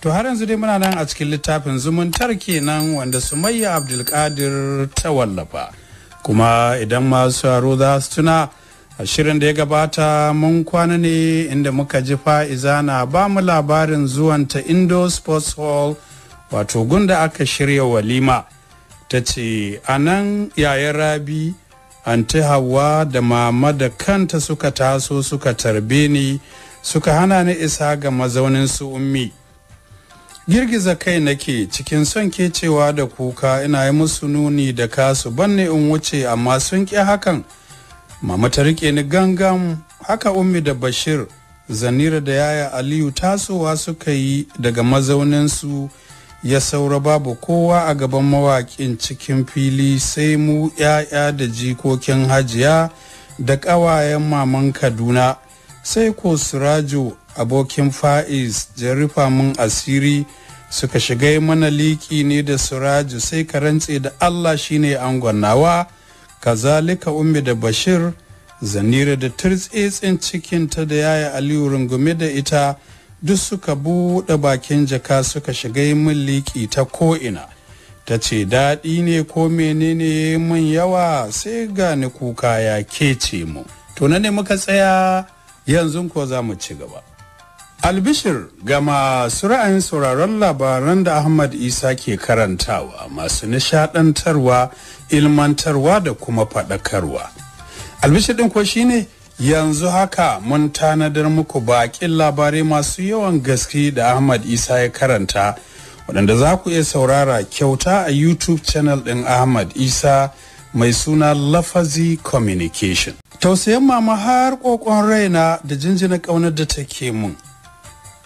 to har yanzu dai muna nan a cikin littafin zumuntar kenan wanda sumayya abdulkadir ta wallafa kuma idan masu haro za su tuna a shirin da ya gabata mun kwana ne inda muka ji fa'iza na ba mu labarin zuwan ta indo sports hall wato gunda aka shirya walima ta ce a nan yayin rabi anti hawa da mama da kanta suka taso suka tarbe ni suka hana ni isa ga mazaunin su ummi girgiza kai nake cikin son ke cewa da kuka ina yi musu nuni da kasu banne in wuce amma sun ƙi hakan mama ta rike ni gangan haka ummi da bashir zanira da yaya aliyu tasowa suka yi daga mazauninsu ya saura babu kowa a gaban mawaƙin cikin fili sai mu 'ya'ya da jikokin hajiya da ƙawayen maman kaduna sai ko surajo abokin fa'iz jarifa mun asiri suka shiga mana liki ne da suraju sai ka rantse da allah shine angon nawa kazalika ummi da bashir zanira da turtsetsin cikinta da yaya aliyu rungume da ita duk suka buɗe bakin jaka suka shiga min liki ta ko'ina ta ce daɗi ne ko menene mun yawa sai gani kuka ya kece mu to na ne muka tsaya yanzu ko za mu ci gaba Albishir ga masu ra'ayin sauraron labaran da Ahmad Isa ke karantawa masu nishadantarwa, ilmantarwa da kuma faɗakarwa. Albishir ɗin ko shi ne, yanzu haka mun tanadar muku baƙin labarai masu yawan gaske da Ahmad Isa ya karanta waɗanda za ku iya saurara kyauta a YouTube channel ɗin Ahmad Isa mai suna Lafazi Communication. Tausayin mama har ƙoƙon raina da jinjina ƙaunar da take mun.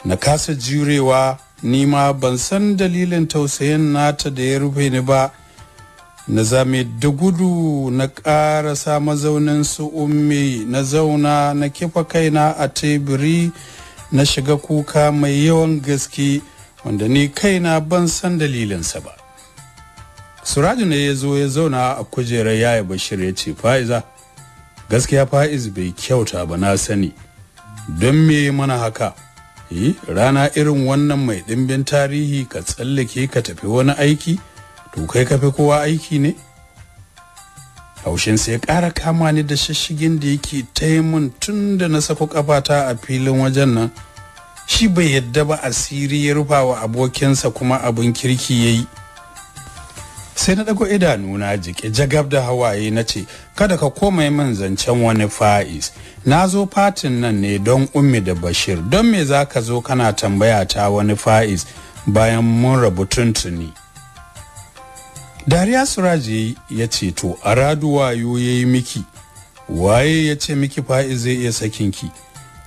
na kasa jurewa nima ban san dalilin tausayin nata da ya rufe ni ba na zame da gudu na ƙarasa mazaunin su ummi na zauna na kifa kaina a tebiri na shiga kuka mai yawan gaske wanda ni kaina ban san dalilinsa ba suraju ne ya zo ya zauna a kujerar yaya bashir ya ce fa'iza gaskiya fa'iz bai kyauta ba na sani don me mana haka yi e, rana irin wannan mai ɗimbin tarihi ka tsallake ka tafi wani aiki to kai ka fi kowa aiki ne haushin sai ƙara kama ni da shashigin da yake ta mun tun da na sako kafata a filin wajen nan shi bai yadda ba asiri ya rufa wa abokinsa kuma abin kirki ya yi sai na dago idanuna jike jagab da hawaye na ce kada ka komai min zancen wani fa'is na zo fatin nan ne don ummi da bashir don me za ka zo kana tambaya ta wani fa'is bayan mun rabu tuntuni dariya suraje ya ce to a raduwa ya yi miki waye ya ce miki fais zai iya sakinki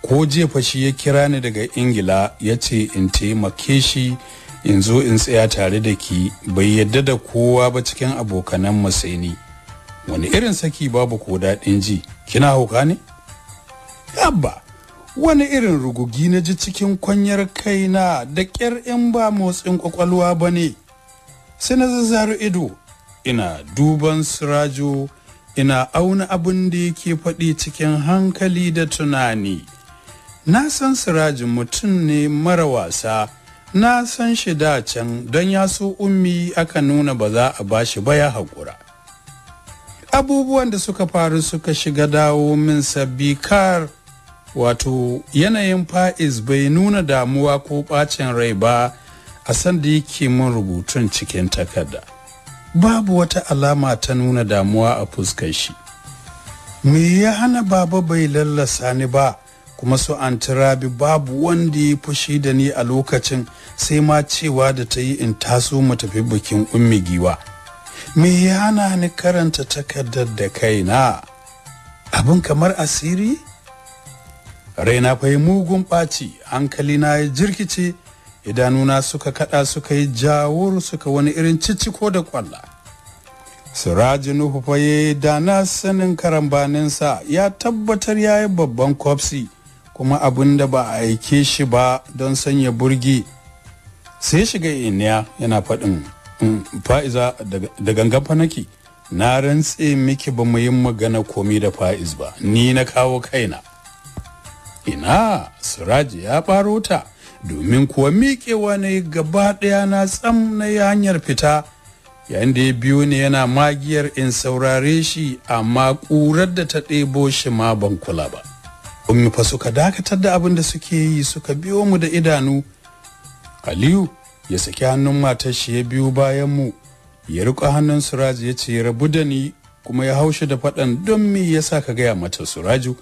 ko jefa shi ya kira ni daga ingila ya ce in taimake shi yanzu in tsaya tare da ki bai yadda da kowa ba cikin abokanan masaini wani irin saki babu ko daɗin ji kina hauka ne Yabba, wani irin rugugi na ji cikin kwanyar kaina da ƙyar in ba motsin kwakwalwa ba ne sai na zazzaro ido ina duban sirajo ina auna abin da yake faɗi cikin hankali da tunani na san sirajin mutum ne mara wasa na san shi da can don ya so ummi aka nuna ba za a ba shi ba ya haƙura abubuwan da suka faru suka shiga dawo min sabbi kar wato yanayin fa'iz bai nuna damuwa ko ɓacin rai ba a sanda yake min rubutun cikin takarda babu wata alama ta nuna damuwa a fuskar shi me ya hana baba bai lallasa ni ba kuma su an rabi babu wanda ya fushi da ni a lokacin sai ma cewa da ta yi in taso mu tafi bikin ummi giwa me ya hana ni karanta takardar da kaina abin kamar asiri raina fa yi mugun ɓaci hankali na ya jirkice idanuna suka kada suka yi jawur suka wani irin cicciko da kwalla siraji nuhu fa ya da na sanin karambaninsa ya tabbatar ya yi babban kwafsi kuma abin da ba a aike shi ba don sanya burgi sai shiga iniya yana faɗin mm, fa'iza da gangan fanaki na rantse miki ba mu yi magana komi da fa'iz ba ni na kawo kaina ina siraji ya faro ta domin kuwa miƙewa ne gaba ɗaya na tsam na hanyar fita yayin da ya biyo ne yana magiyar in saurare shi amma ƙurar da ta ɗebo shi ma ban kula ba ummi fa suka dakatar da abin da suke yi suka biyo mu da idanu aliyu ya saki hannun matar shi ya biyo bayan mu ya riƙo hannun suraju ya ce rabu da ni kuma ya haushi da faɗan don me yasa ka gaya mata suraju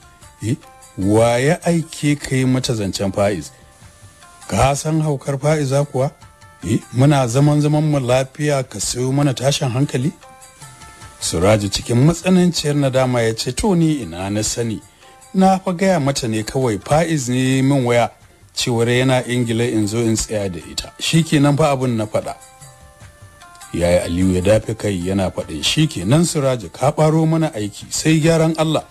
eh wa ya aike ka yi mata zancen fa'iz ka san haukar fa'iza kuwa eh muna zaman zaman mu lafiya ka sayo mana tashin hankali suraju cikin matsananciyar nadama ya ce to ni ina na sani na fa gaya mata ne kawai fa'iz ne min waya cewar yana ingila in zo in tsaya da ita shikenan fa abin na faɗa yayi aliyu ya dafe kai yana faɗin shikenan siraji ka ɓaro mana aiki sai gyaran allah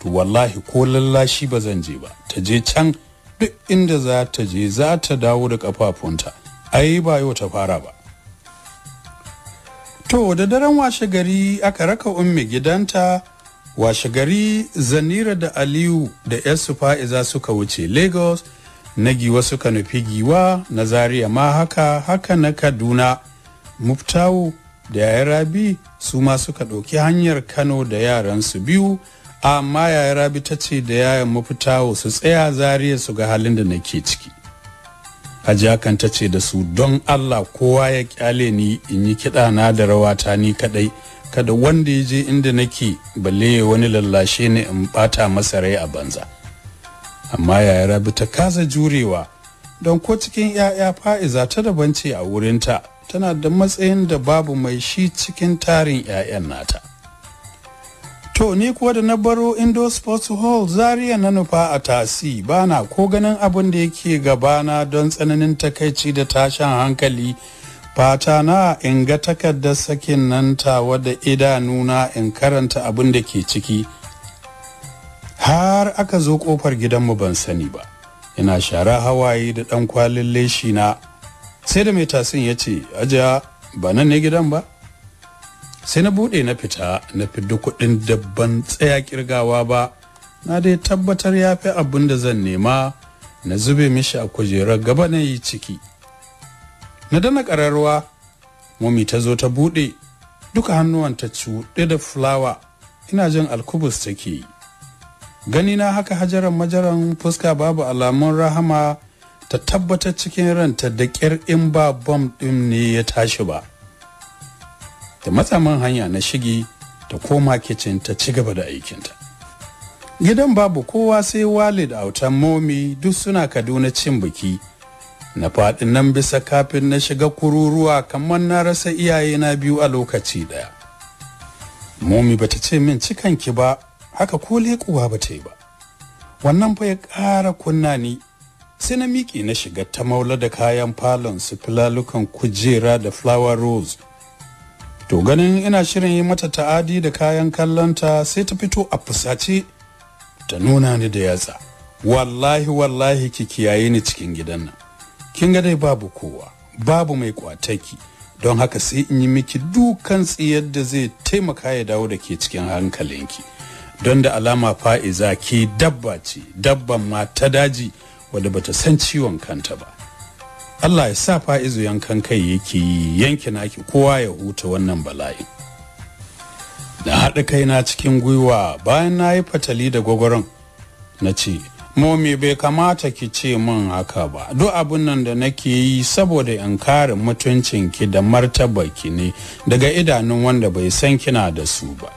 to wallahi ko lallashi ba zan je ba ta je can duk inda za ta je za ta dawo da kafafunta ai ba yau ta fara ba to da daren washe gari aka raka ummi gidanta washe gari zanira da aliyu da yasu fa'iza suka wuce lagos na giwa suka nufi giwa na Zariya ma haka haka na kaduna muftawu da yayan rabi su ma suka ɗauki hanyar kano da yaransu biyu amma yayan rabi ta ce da yaya muftawu su tsaya Zariya su ga halin da nake ciki hajakan ta ce da su don allah kowa ya kyale ni in yi kiɗa na da rawata ni kaɗai kada wanda ya je inda nake balle wani lallashe ne in bata masa rai a banza amma yaya rabi ta kasa jurewa don ko cikin 'ya'ya fa'iza ta daban ce a wurinta tana da matsayin da babu mai shi cikin tarin 'ya'yan nata to ni kuwa da na baro indo sports hall zaria na nufa a tasi bana ko ganin abin da yake gabana don tsananin takaici da tashin hankali fata na in ga takardar sakin nan tawa da idanuna in karanta abin da ke ciki har aka zo kofar gidanmu ban sani ba ina shara hawaye da ɗan kwalin leshi na sai da mai tasin ya ce ajiya ba nan ne gidan ba sai na buɗe na fita na fidda kuɗin dabban tsaya kirgawa ba na dai tabbatar ya fi abin da zan nema na zube mishi a kujerar gaba na yi ciki na dana kararwa momi ta zo ta buɗe duka hannuwanta cuɗe da fulawa ina jin alkubus take yi gani na haka hajaran majaran fuska babu alamun rahama ta tabbatar cikin ranta da ƙyar in ba bom ɗin ne ya tashi ba da matsamin hanya na shigi ta koma kicin ta ci gaba da aikinta gidan babu kowa sai walid autan momi duk suna kaduna cin biki na faɗi nan bisa kafin na shiga kururuwa kamar na rasa iyaye na biyu a lokaci ɗaya momi ta ce min cikanki ba haka ko leƙuwa ba ta yi ba wannan fa ya ƙara kunna ni sai na miƙe na shiga ta maula da kayan falon su filalukan kujera da flower rose to ganin ina shirin yi mata ta'adi da kayan kallonta sai ta fito a fusace ta nuna ni da yatsa wallahi wallahi ki kiyaye ni cikin gidan nan kin ga dai babu kowa babu mai kwataki don haka sai in yi miki dukan tsiyar da zai taimaka ya dawo da ke cikin hankalinki don da alama fa'iza ke dabba ce dabban ma ta daji wadda bata san ciwon kanta ba Allah ya sa fa'izu yankan kai yake yi yanki naki kowa ya huta wannan bala'in na haɗa kaina cikin gwiwa bayan na yi fatali da gwagwaron na ce momi bai kamata ki ce min haka ba duk abin nan da nake yi saboda in kare ki da ki ne daga idanun wanda bai san kina da su ba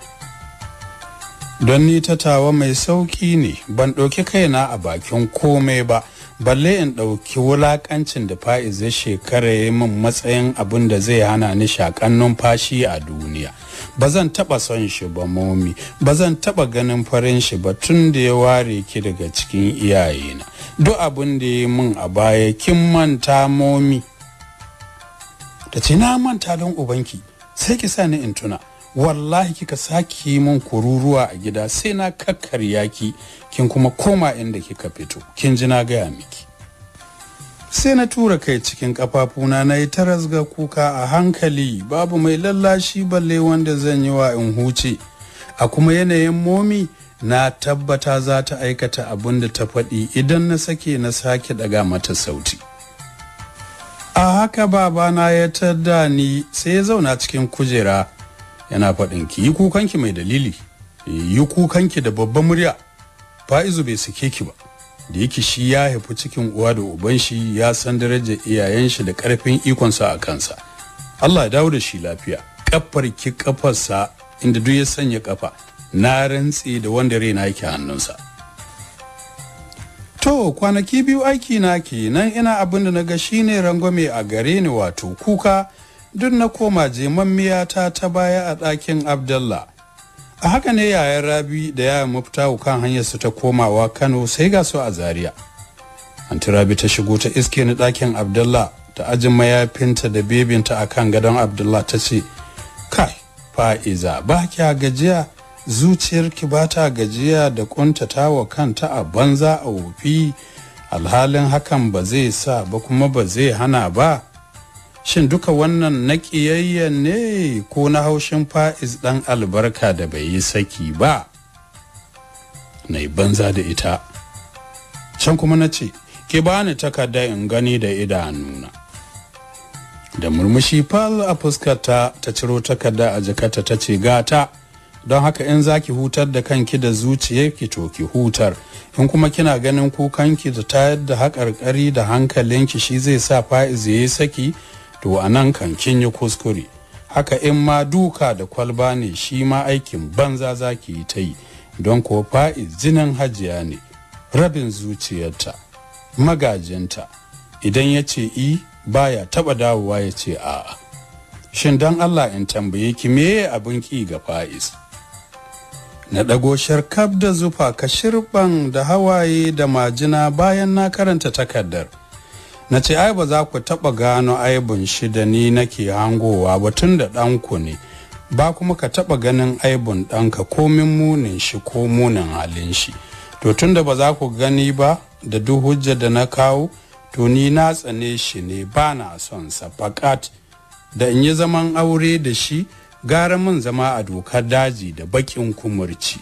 don ni ta tawa mai sauki ne ban ɗauki kaina a bakin komai ba balle in ɗauki wulaƙancin da fa'iz ya shekara ya min matsayin abun da zai hana ni shaƙan numfashi a duniya ba zan taba son shi ba momi ba zan taba ganin farin shi ba tun da ya ware ki daga cikin iyayena duk abin da ya min a baya kin manta momi ta ce na manta don ubanki sai ki sa ni in tuna wallahi kika sake mun kururuwa a gida sai na kakkarya ki kin kuma koma inda kika fito kin ji na gaya miki sai na tura kai cikin kafafuna na yi ta rasga kuka a hankali babu mai lallashi balle wanda zan yi wa in huce a kuma yanayin momi na tabbata za ta aikata abin da ta faɗi idan na sake na sake daga mata sauti a haka babana ya tada ni sai ya zauna cikin kujera yana faɗin ki yi kukanki mai dalili eh, yi kukanki da babban murya fa'izu bai sake ki ba da yake shi ya haifi cikin uwa da uban shi ya san darajar iyayen shi da karfin ikonsa a kansa Allah ya dawo da shi lafiya kafar ki kafarsa inda duk ya sanya kafa na rantse da wanda raina yake hannunsa to kwanaki biyu aiki na ke nan ina abin da na ga shine rangwame a gare ni wato kuka duk na koma jemammiyata ta ta baya a ɗakin abdallah a haka ne yayan rabi da yayan mafitahu kan hanyar su ta komawa kano sai ga su a zaria anti rabi ta shigo ta iske ni ɗakin abdullah ta ajin mayafinta da bebinta a kan gadon abdullah ta ce kai fa'iza ba kya gajiya zuciyarki ba ta gajiya da kuntata wa kanta a banza a wofi alhalin hakan ba zai sa ba kuma ba zai hana ba shin duka wannan na ƙiyayyen ne ko na haushin fa'iz ɗan albarka da bai yi saki ba na banza da ita can kuma na ce ki bani takarda in gani da idanuna da murmushi fal a fuskarta ta ciro takarda a jakarta ta ce gata don haka in za ki hutar da kanki da zuciyarki to ki hutar in kuma kina ganin kukanki da tayar da haƙarƙari da hankalinki shi zai sa fa'iz ya yi saki to a nan kan kin yi kuskure haka in ma duka da kwalba ne shi ma aikin banza za ki yi ta yi don ko fa'iz jinin hajiya ne rabin zuciyarta magajinta idan ya ce i baya taba dawowa ya ce A. shin don allah in tambaye ki meye abin ki ga fa'iz na ɗago sharkaf da zufa ka shirban da hawaye da majina bayan na karanta takardar na ce ai ba za ku taɓa gano aibun shi da ni nake hangowa ba tun da ɗanku ne ba kuma ka taɓa ganin aibun ɗanka komin munin shi ko munin halin shi to tun da ba za ku gani ba da duk hujja da na kawo to ni na tsane shi ne ba na son sa fakat da in yi zaman aure da shi gara mun zama a dokar daji da baƙin kumurci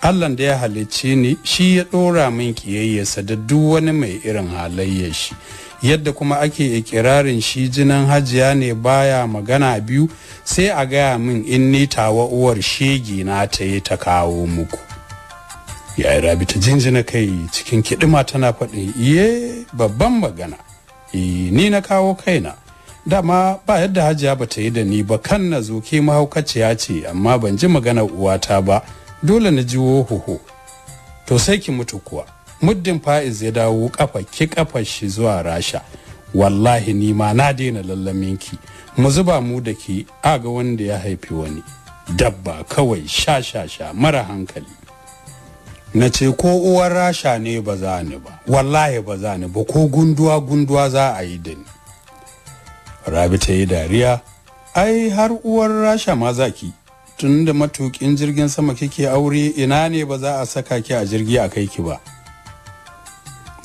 allah da ya halicci ni shi ya ɗora min kiyayyarsa da duk wani mai irin halayyar shi yadda kuma ake ikirarin shi jinan hajiya ne baya magana biyu sai a gaya min in ni tawa uwar shegi na ta yi ta kawo muku yayi rabi ta jinjina kai cikin kiɗima tana faɗin iye babban magana E, ni na kawo kaina dama ba yadda hajiya ba ta yi da ni ba kan na zo ke mahaukaciya ce amma ban ji maganar uwata ba dole na ji wohoho to sai ki mutu kuwa muddin fa'iz ya dawo kafa ki kafar shi zuwa rasha wallahi ni ma na daina lallamin ki mu zuba mu da ke aga wanda ya haifi wani dabba kawai sha sha sha mara hankali na ce ko uwar rasha ne ba za ni ba wallahi ba za ni ba ko gunduwa gunduwa za a yi da ni rabi ta yi dariya ai har uwar rasha ma za ki tun da matukin jirgin sama kike aure ina ne ba za a saka ki a jirgi a kai ki ba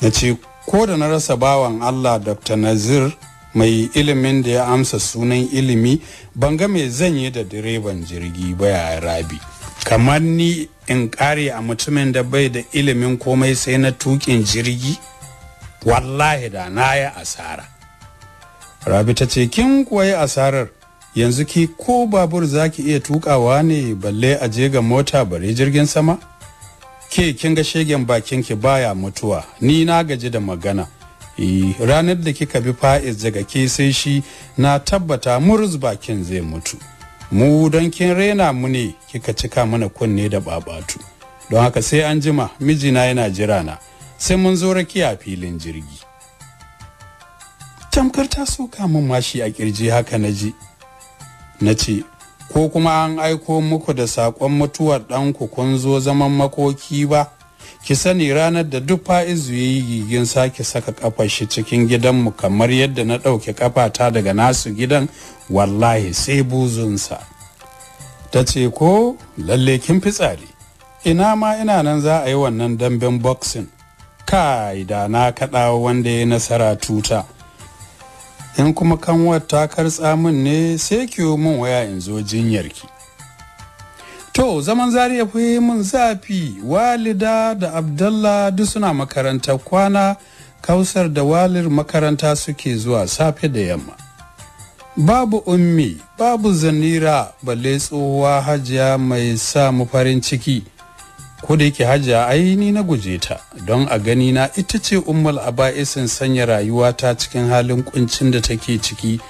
ya ce ko da na rasa bawan allah dr nazir mai ilimin da ya amsa sunan ilimi ban ga mai zan yi da direban jirgi ba ya rabi kamar ni in kare a mutumin da bai da ilimin komai sai na tukin jirgi wallahi da na yi asara rabi ta ce kin kuwa yi asarar yanzu ki ko babur zaki iya tukawa ne balle a je ga mota bare jirgin sama ke kin ga shegen bakin ki baya mutuwa ni na gaji da magana e, ranar da kika bi fa'iz daga ke sai shi na tabbata murz bakin zai mutu mu don kin rena mu ne kika cika mana kunne da babatu don haka sai an jima mijina yana jira na sai mun zo rakiya filin jirgi tamkar ta soka mun mashi a kirji haka na na ce ko kuma an aiko muku da saƙon mutuwar ɗanku kun zo zaman makoki ba ki sani ranar da duk fa'izu ya yi gigin sake saka kafar shi cikin gidanmu kamar yadda na ɗauke ƙafata daga nasu gidan wallahi sai buzunsa ta ce ko lalle kin fitsari ina ma ina nan za a yi wannan damben boxing kai da na kaɗa wanda ya nasara tuta in kuma kanwar ta kartsa min ne sai ki yi min waya in zo jinyarki to zaman zariya fi min zafi walida da abdalla duk suna makaranta kwana kausar da walir makaranta suke zuwa safe da yamma babu ummi babu zanira balle tsohuwa hajiya mai sa mu farin ciki ko da yake hajiya ai ni na guje ta don a gani na ita ce ummul aba'isin sanya rayuwa ta cikin halin kuncin da take ciki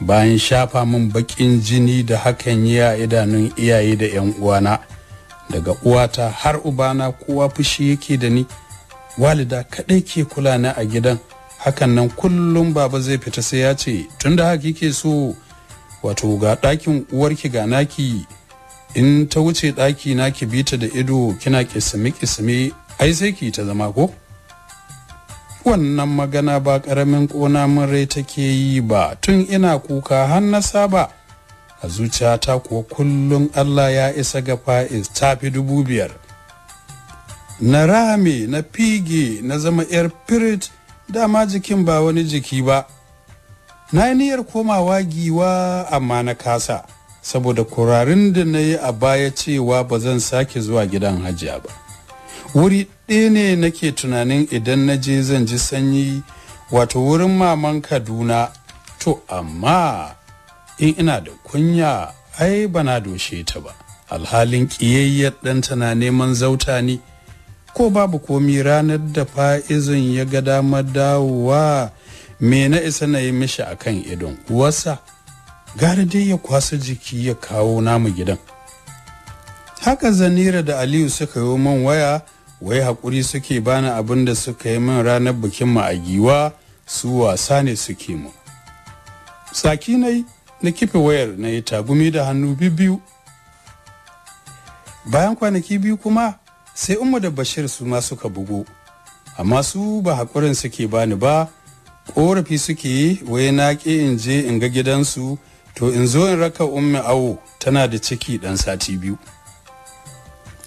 bayan shafa min bakin jini da hakan yi a idanun iyaye da yan uwana daga uwata har ubana kowa fushi yake da ni walida kadai ke kula na a gidan hakan nan kullum baba zai fita sai ya ce tunda haka yake so wato ga ɗakin uwarki ga naki in ta wuce ɗaki na ki bita da ido kina kisimi kisimi ai sai ki ta zama ko wannan magana ba ƙaramin ƙona min rai take yi ba tun ina kuka har na saba a zuciyata kuwa kullum Allah ya isa ga fa'is ta fi dubu biyar na rame na fige na zama yar firit dama jikin ba wani jiki ba na yi niyyar komawa giwa amma na kasa saboda kurarin da na yi a baya cewa ba zan sake zuwa gidan hajiya ba wuri ɗaya ne nake tunanin idan na je zan ji sanyi wato wurin maman kaduna to amma in ina da kunya ai bana doshe ta ba alhalin ƙiyayyar ɗanta na neman zauta ne. ko babu komi ranar da fa'izin ya ga damar dawowa me na isa na yi mishi akan idon wasa gara dai ya kwasa jiki ya kawo namu gidan haka zanira da aliyu suka yi man waya wai haƙuri suke bani abin da suka yi min ranar bikin mu a giwa su wasa ne suke mu saki na na kife wayar na yi tagumi da hannu biyu bayan kwanaki biyu kuma sai umma da bashir su ma suka bugo amma su ba haƙurin suke bani ba ƙorafi suke yi, wai na ƙi in je in ga gidansu to in zo in raka ummi awo tana da ciki dan sati biyu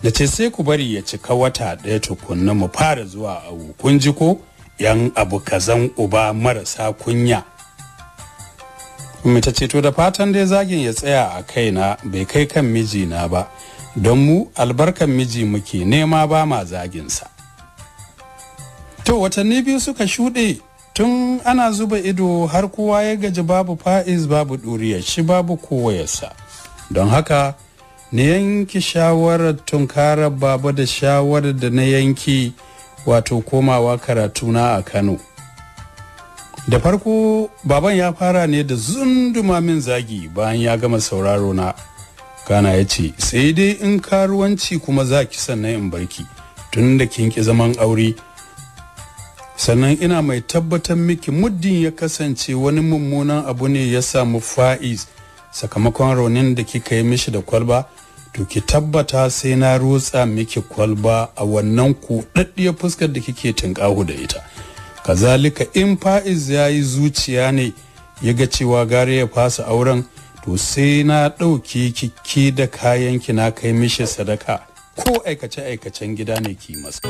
Da ce sai ku bari ya cika wata ɗaya tukunna mu fara zuwa awo kun ji ko yan abu kazan uba marasa kunya ummi ta ce to da fatan dai zagin ya tsaya a kaina bai kai kan mijina ba don mu albarkan miji muke nema ba ma zaginsa to watanni biyu suka shuɗe tun ana zuba ido har kowa ya gaji babu fa'iz babu ɗuriya shi babu kowa yasa, don haka na yanki shawarar tunkarar baba da shawarar da na yanki wato komawa karatuna a kano da farko baban ya fara ne da zunduma min zagi bayan ya gama sauraro na kana ya ce sai dai in karuwanci kuma za ki sannan in barki tun da kinki zaman aure sannan ina mai tabbatar miki muddin ya kasance wani mummunan abu ne ya samu fa'iz sakamakon raunin da kika yi mishi da kwalba to ki tabbata sai na rotsa miki kwalba a wannan kuɗaɗɗiyar fuskar da kike tunƙahu da ita kazalika in fa'iz ya yi zuciya ne ya ga cewa gare ya fasa auren to sai na ɗauki kiki da kayan ki na kai mishi sadaka ko aikace-aikacen gida ne ki masa